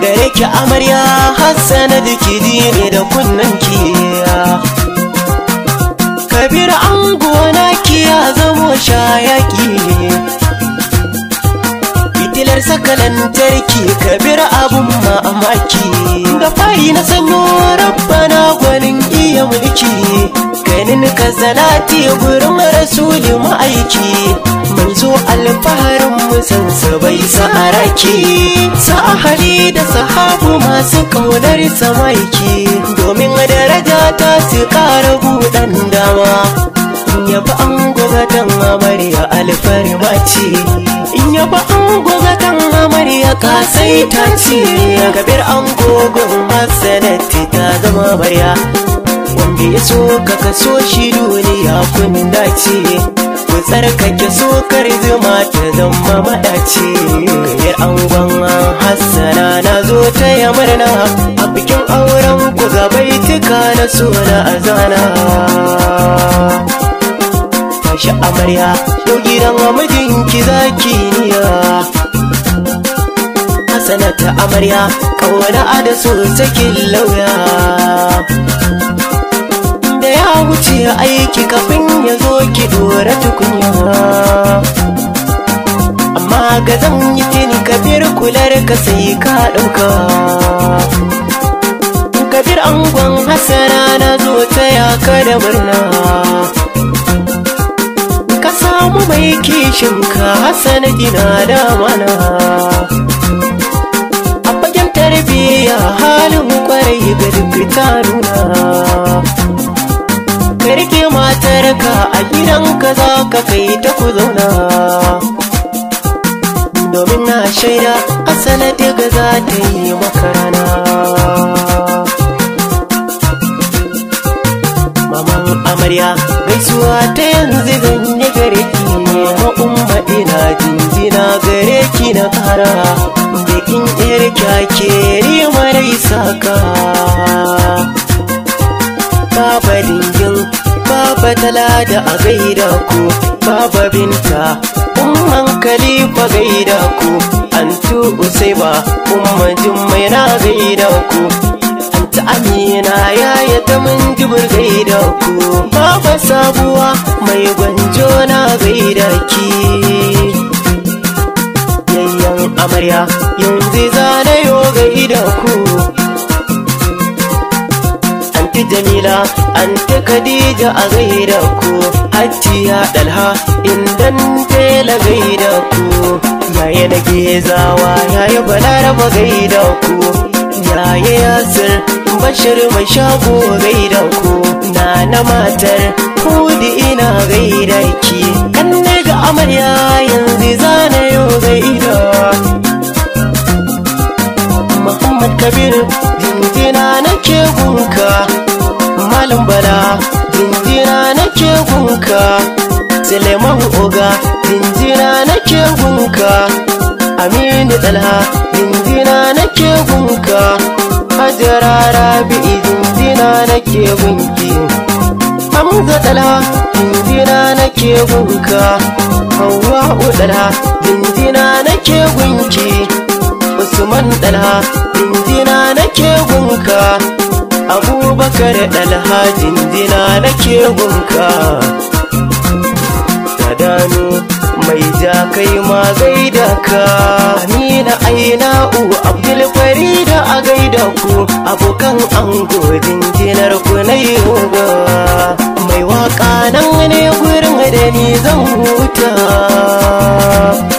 gare ki amarya hassana da kidire da kunnen kiya kabir an ki kiya zamo shayaki fitilar saka lantarki kabir abun mamaki da fari na sano rabbana gwanin iya mulki ganin ka zalati gurin rasuli ma'aiki alfaharin musan sa bai sa sa'ahali da sahabu masu kaunar samaiki domin daraja ta su ƙara buɗan dama ya yaba an gwagatan amarya alfarma ce in yaba an gwagatan amarya kasai ta ce gabir an masanati ta zama baya. wanda ya so ka kaso shi duniya kun dace Ku tsarkake kar zuma ta zama maɗaci yar angon hassana na zo ta ya murna a bikin auren ku tuka na suna azana tashi amarya yau gidan mijinki zaki niya ta amarya kawo da so kin lauya ya wuce aiki kafin ya zo ki dora tukunya amma ga zan yi tini kabir kular ka sai ka ɗauka kabir angon Hassana na zo ta yaka da murna ka samu mai kishin ka hasana gina da mana a fagen tarbiyya halin kwarai ga duk ta nuna yarka a gidanka za ka kai ta ku zauna domin na shaida asala daga za ta yi maka rana maman amarya gaisuwa ta yanzu zan yi gare ki Umma ina jinjina gare ki na kara bikin yar kyakeri marai saka murtala da a gaida ku baba binta umman khalifa gaida ku antu usaiba umman jummai na gaida ku anta amina yaya ta mun jibir gaida ku baba sabuwa mai gwanjo na gaida ki yayyan amarya yanzu zana jamila Anta khadija a gaida ku hajjiya dalha indan tela gaida ku yaya na gezawa yaya balaraba gaida ku yaya yasir bashir mai shago gaida ku na matar kudi ina gaida ki kan ga amarya yanzu yau gaida Muhammad Kabir jinjina nake gunka rana jinjira nake gunka Suleiman Oga jinjira nake gunka Aminu Dalha jinjira nake gunka Hajara Rabi'i jinjira nake gunki Hamza Dalha jinjira nake gunka Hawwa'u Dalha jinjira nake gunki Usman Dalha jinjira nake gunka abubakar alhajin dina na gunka ta dano mai ja kai ma gaida ka amina aina u abdul farida a gaida ku abokan ango jinjinar ku na yoga mai waka nan ne gurin da ni zan huta